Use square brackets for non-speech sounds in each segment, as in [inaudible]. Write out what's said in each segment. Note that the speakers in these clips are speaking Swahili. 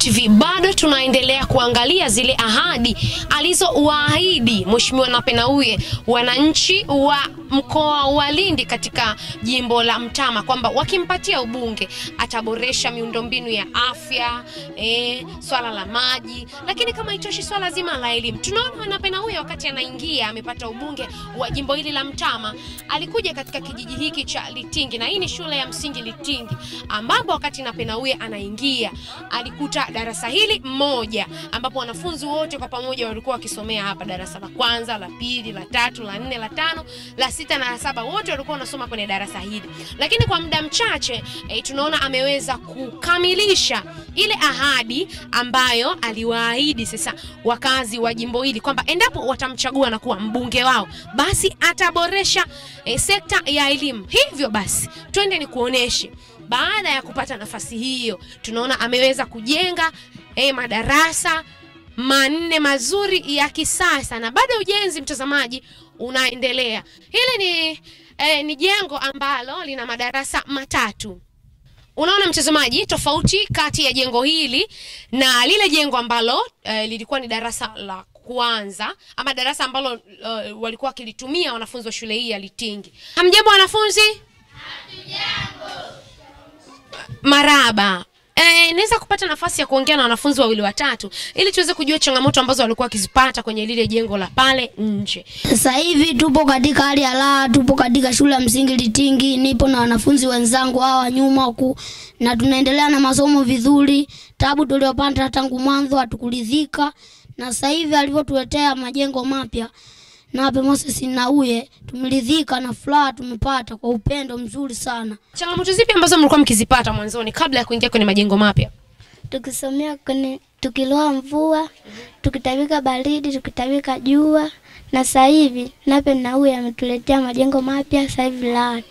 TV bado tunaendelea kuangalia zile ahadi alizowaahidi Mheshimiwa Nape Nnauye wananchi wa mkoa wa Lindi katika jimbo la Mtama kwamba wakimpatia ubunge ataboresha miundombinu ya afya eh, swala la maji, lakini kama itoshi swala zima la elimu. Tunaona Wanapena huyo wakati anaingia amepata ubunge wa jimbo hili la Mtama, alikuja katika kijiji hiki cha Litingi na hii ni shule ya msingi Litingi, ambapo wakati Napena huyo anaingia alikuta darasa hili moja ambapo wanafunzi wote kwa pamoja walikuwa wakisomea hapa, darasa la kwanza, la pili, la tatu, la nne, la tano, la sita sita na saba wote walikuwa wanasoma kwenye darasa hili, lakini kwa muda mchache e, tunaona ameweza kukamilisha ile ahadi ambayo aliwaahidi sasa wakazi wa jimbo hili kwamba endapo watamchagua na kuwa mbunge wao, basi ataboresha e, sekta ya elimu. Hivyo basi, twende ni kuoneshe baada ya kupata nafasi hiyo, tunaona ameweza kujenga e, madarasa manne mazuri ya kisasa na bado ujenzi, mtazamaji, unaendelea. Hili ni, eh, ni jengo ambalo lina madarasa matatu. Unaona mtazamaji, tofauti kati ya jengo hili na lile jengo ambalo eh, lilikuwa ni darasa la kwanza ama darasa ambalo uh, walikuwa wakilitumia wanafunzi wa shule hii ya Litingi. Hamjambo wanafunzi? Hatujambo. Maraba eh, naweza kupata nafasi ya kuongea na wanafunzi wawili watatu ili tuweze kujua changamoto ambazo walikuwa wakizipata kwenye lile jengo la pale nje. Sasa hivi tupo katika hali ya raha, tupo katika shule ya msingi Litingi, nipo na wanafunzi wenzangu hawa nyuma huku, na tunaendelea na masomo vizuri. Tabu tuliopata tangu mwanzo hatukuridhika, na sasa hivi alivyotuletea majengo mapya Nape Moses Nauye tumeridhika na furaha tumepata kwa upendo mzuri sana. Changamoto zipi ambazo mlikuwa mkizipata mwanzoni kabla ya kuingia kwenye majengo mapya? Tukisomea kwenye tukiloa mvua, tukitabika baridi, tukitabika jua na sasa hivi Nape Nauye ametuletea majengo mapya sasa hivi la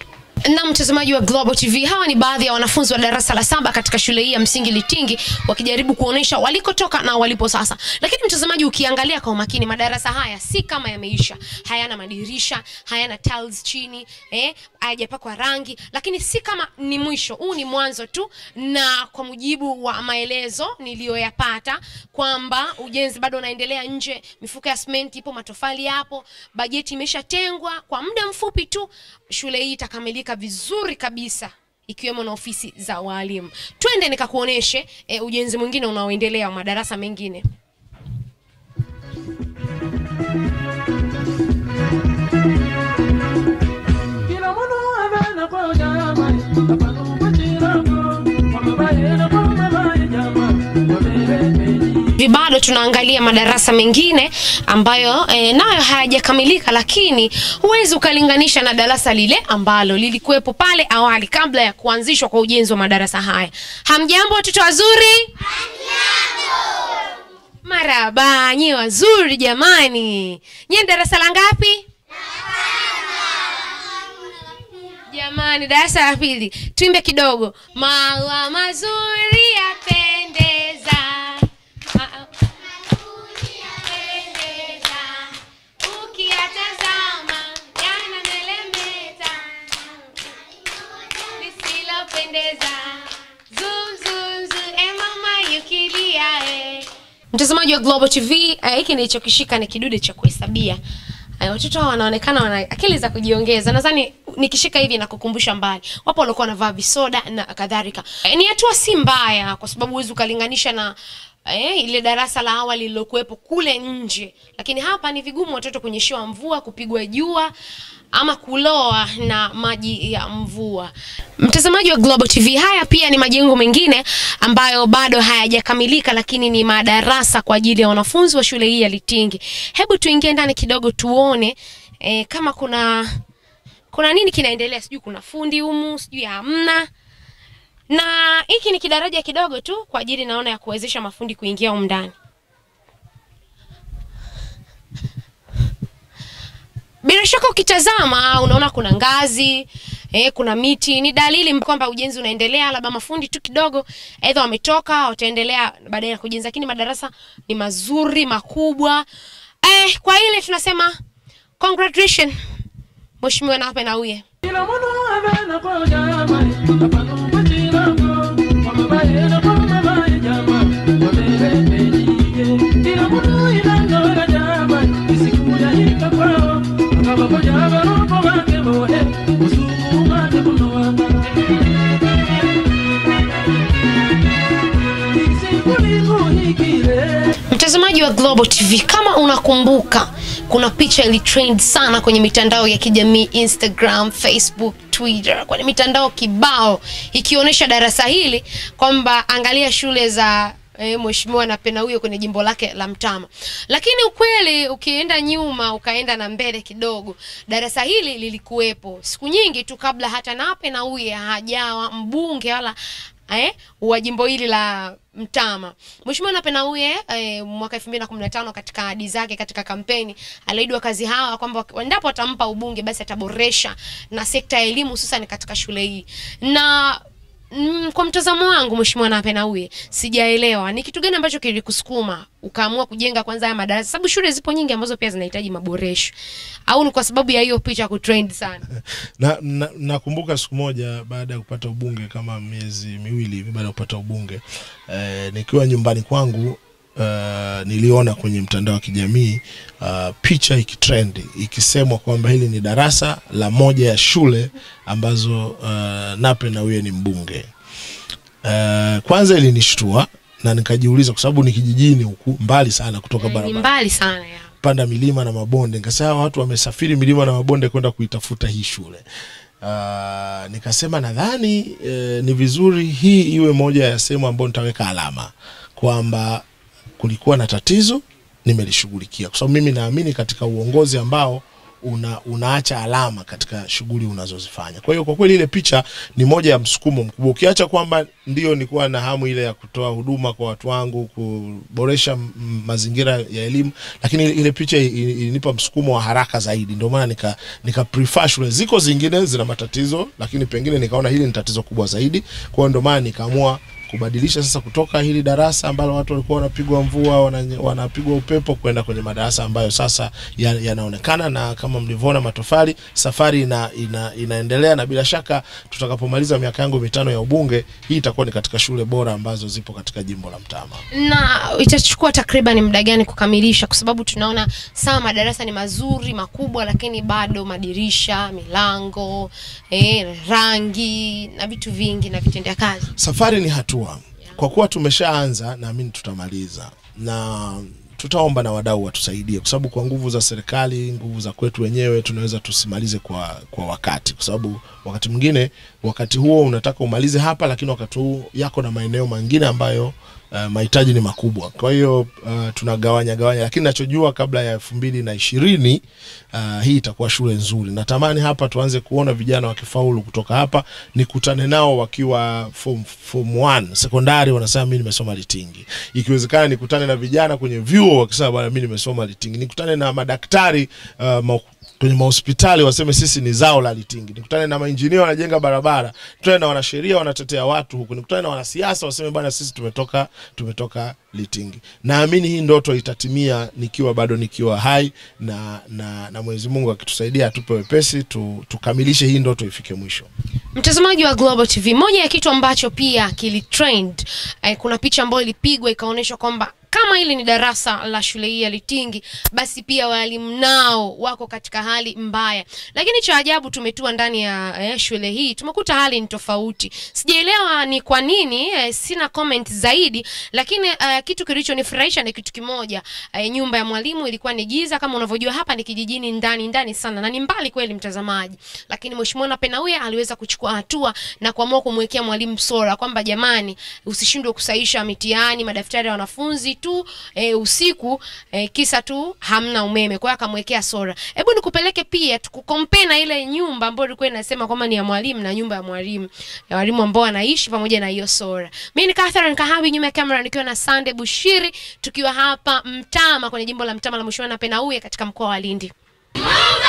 na mtazamaji wa Global TV, hawa ni baadhi ya wanafunzi wa darasa la saba katika shule hii ya msingi Litingi wakijaribu kuonesha walikotoka na walipo sasa. Lakini mtazamaji, ukiangalia kwa umakini, madarasa haya si kama yameisha, hayana madirisha, hayana tiles chini, eh, hayajapakwa rangi, lakini si kama ni mwisho. Huu ni mwanzo tu, na kwa mujibu wa maelezo niliyoyapata kwamba ujenzi bado unaendelea nje, mifuko ya simenti ipo, matofali yapo, bajeti imeshatengwa, kwa muda mfupi tu shule hii itakamilika katika vizuri kabisa ikiwemo na ofisi za walimu. Twende nikakuoneshe e, ujenzi mwingine unaoendelea wa madarasa mengine. bado tunaangalia madarasa mengine ambayo e, nayo hayajakamilika, lakini huwezi ukalinganisha na darasa lile ambalo lilikuwepo pale awali kabla ya kuanzishwa kwa ujenzi wa madarasa haya. Hamjambo watoto wazuri? Maraba, nyewe wazuri jamani. Nyewe darasa la ngapi? Jamani, darasa la pili. Tuimbe kidogo. Maua mazuri yape Mtazamaji wa Global TV, eh, hiki nilichokishika ni kidude cha kuhesabia. Eh, watoto wanaonekana wana akili za kujiongeza. Nadhani nikishika hivi nakukumbusha mbali, wapo walikuwa wanavaa visoda na kadhalika. E, ni hatua si mbaya, kwa sababu huwezi ukalinganisha na eh, ile darasa la awali lilokuwepo kule nje, lakini hapa ni vigumu watoto kunyeshewa mvua, kupigwa jua ama kuloa na maji ya mvua. Mtazamaji wa Global TV, haya pia ni majengo mengine ambayo bado hayajakamilika, lakini ni madarasa kwa ajili ya wanafunzi wa shule hii ya Litingi. Hebu tuingie ndani kidogo tuone e, kama kuna kuna nini kinaendelea. Sijui kuna fundi humu, sijui hamna na hiki ni kidaraja kidogo tu kwa ajili naona ya kuwezesha mafundi kuingia humu ndani. bila shaka ukitazama ah, unaona kuna ngazi eh, kuna miti, ni dalili kwamba ujenzi unaendelea, labda mafundi tu kidogo aidha wametoka wataendelea baadaye kujenza, lakini madarasa ni mazuri makubwa. Eh, kwa ile tunasema congratulations, Mheshimiwa Nape Nnauye. hivi kama unakumbuka kuna picha ili trend sana kwenye mitandao ya kijamii Instagram, Facebook, Twitter, kwenye mitandao kibao ikionyesha darasa hili kwamba angalia shule za eh, mheshimiwa napenda huyo kwenye jimbo lake la Mtama. Lakini ukweli ukienda nyuma ukaenda na mbele kidogo, darasa hili lilikuwepo siku nyingi tu kabla hata Nape huyo hajawa mbunge wala eh, wa jimbo hili la Mtama. Mheshimiwa Nape Nnauye eh, mwaka 2015 katika ahadi zake katika kampeni aliahidi wakazi hawa kwamba endapo atampa ubunge basi ataboresha na sekta ya elimu hususan katika shule hii na Mm, kwa mtazamo wangu Mheshimiwa Nape Nnauye, sijaelewa ni kitu gani ambacho kilikusukuma ukaamua kujenga kwanza haya madarasa, sababu shule zipo nyingi ambazo pia zinahitaji maboresho, au ni kwa sababu ya hiyo picha kutrend sana? Nakumbuka [laughs] na, na siku moja baada ya kupata ubunge kama miezi miwili baada ya kupata ubunge eh, nikiwa nyumbani kwangu uh, niliona kwenye mtandao wa kijamii uh, picha ikitrend ikisemwa kwamba hili ni darasa la moja ya shule ambazo uh, Nape na huye ni mbunge uh, kwanza ilinishtua na nikajiuliza kwa sababu ni kijijini huku mbali sana kutoka barabara Ni mbali sana ya. panda milima na mabonde nikasema watu wamesafiri milima na mabonde kwenda kuitafuta hii shule uh, nikasema nadhani eh, ni vizuri hii iwe moja ya sehemu ambayo nitaweka alama kwamba kulikuwa na tatizo nimelishughulikia, kwa sababu mimi naamini katika uongozi ambao una, unaacha alama katika shughuli unazozifanya. Kwa hiyo kwa kweli ile picha ni moja ya msukumo mkubwa, ukiacha kwamba ndio nilikuwa na hamu ile ya kutoa huduma kwa watu wangu, kuboresha mazingira ya elimu, lakini ile picha ilinipa msukumo wa haraka zaidi. Ndio maana nika, nika prefer shule ziko zingine zina matatizo, lakini pengine nikaona hili ni tatizo kubwa zaidi, kwa hiyo ndio maana nikaamua kubadilisha sasa kutoka hili darasa ambalo watu walikuwa wanapigwa mvua wanapigwa upepo kwenda kwenye madarasa ambayo sasa yanaonekana ya na kama mlivyoona matofali safari ina, ina, inaendelea na bila shaka tutakapomaliza miaka yangu mitano ya ubunge hii itakuwa ni katika shule bora ambazo zipo katika jimbo la Mtama. Na itachukua takriban muda gani kukamilisha, kwa sababu tunaona sawa madarasa ni mazuri makubwa, lakini bado madirisha, milango, eh, rangi na vitu vingi na vitendea kazi. Safari ni hatua hatua. Kwa kuwa tumeshaanza, naamini tutamaliza na tutaomba na wadau watusaidie, kwa sababu kwa nguvu za serikali, nguvu za kwetu wenyewe, tunaweza tusimalize kwa, kwa wakati, kwa sababu wakati mwingine wakati huo unataka umalize hapa, lakini wakati huu yako na maeneo mengine ambayo uh, mahitaji ni makubwa. Kwa hiyo uh, tunagawanya gawanya, lakini nachojua kabla ya elfu mbili na ishirini uh, hii itakuwa shule nzuri. Natamani hapa tuanze kuona vijana wakifaulu kutoka hapa, nikutane nao wakiwa form, form one sekondari, wanasema mi nimesoma Litingi. Ikiwezekana nikutane na vijana kwenye vyuo wakisema bwana, mi nimesoma Litingi. Nikutane na madaktari uh, kwenye mahospitali waseme sisi ni zao la Litingi. Nikutane na mainjinia wanajenga barabara, nikutane na wanasheria wanatetea watu huku, nikutane na wanasiasa waseme bwana, sisi tumetoka tumetoka Litingi. Naamini hii ndoto itatimia nikiwa bado nikiwa hai na, na, na Mwenyezi Mungu akitusaidia atupe wepesi tu, tukamilishe hii ndoto ifike mwisho. Mtazamaji wa Global TV, moja ya kitu ambacho pia kilitrend eh, kuna picha ambayo ilipigwa ikaonyeshwa kwamba kama hili ni darasa la shule hii ya Litingi, basi pia walimu nao wako katika hali mbaya. Lakini cha ajabu tumetua ndani ya eh, shule hii tumekuta hali ni tofauti. Sijaelewa ni kwa nini eh, sina comment zaidi, lakini eh, kitu kilichonifurahisha ni kitu kimoja. Eh, nyumba ya mwalimu ilikuwa ni giza, kama unavyojua hapa ni kijijini, ndani ndani sana na ni mbali kweli, mtazamaji. Lakini mheshimiwa na Napenauye aliweza kuchukua hatua na kuamua kumwekea mwalimu sora kwamba jamani, usishindwe kusahisha mitihani, madaftari ya wanafunzi tu e, usiku e, kisa tu hamna umeme, kwa hiyo akamwekea sora. Hebu nikupeleke pia tukukompe na ile nyumba ambayo ilikuwa inasema kwamba ni ya mwalimu na nyumba ya mwalimu ya walimu ambao anaishi pamoja na hiyo sora. Mimi ni Catherine Kahabi, nyuma ya kamera nikiwa na Sande Bushiri, tukiwa hapa Mtama kwenye jimbo la Mtama la Mshuana Penauye katika mkoa wa Lindi. Mama!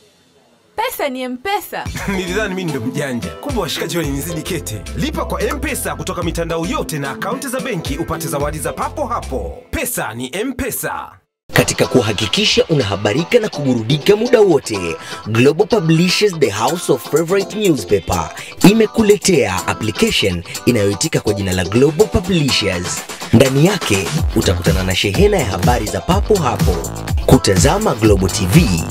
pesa ni Mpesa. [laughs] Nilidhani mimi ndo mjanja, kumbe washikaji wananizidi kete. Lipa kwa Mpesa kutoka mitandao yote na akaunti za benki upate zawadi za papo hapo. Pesa ni Mpesa. Katika kuhakikisha unahabarika na kuburudika muda wote, Global Publishers The House of Favorite Newspaper imekuletea application inayoitika kwa jina la Global Publishers. Ndani yake utakutana na shehena ya habari za papo hapo, kutazama Global TV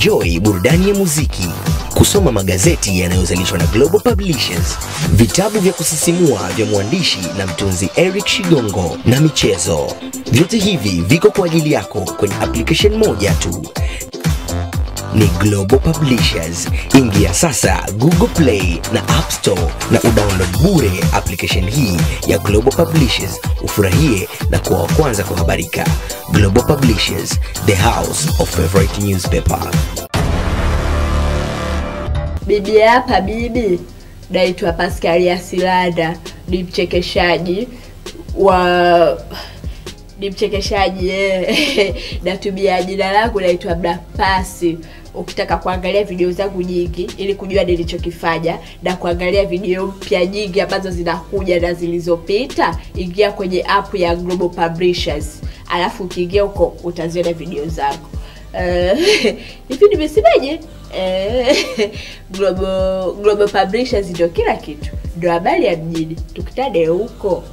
kuenjoy burudani ya muziki, kusoma magazeti yanayozalishwa na Global Publishers, vitabu vya kusisimua vya mwandishi na mtunzi Eric Shigongo na michezo. Vyote hivi viko kwa ajili yako kwenye application moja tu ni Global Publishers. Ingia sasa Google Play na App Store na udownload bure application hii ya Global Publishers, ufurahie na kuwa wa kwanza kuhabarika. Global Publishers, the house of favorite newspaper. Bibi hapa bibi, naitwa Paskalia Silada, ni mchekeshaji wa ni mchekeshaji eh, [laughs] natumia jina langu naitwa Black Pasi ukitaka kuangalia video zangu nyingi ili kujua nilichokifanya na kuangalia video mpya nyingi ambazo zinakuja na zilizopita, ingia kwenye app ya Global Publishers, alafu ukiingia huko utaziona video zangu eh, [laughs] hivi. Uh, nimesemaje? Eh, [laughs] Global, Global Publishers ndio kila kitu, ndio habari ya mjini. Tukutane huko.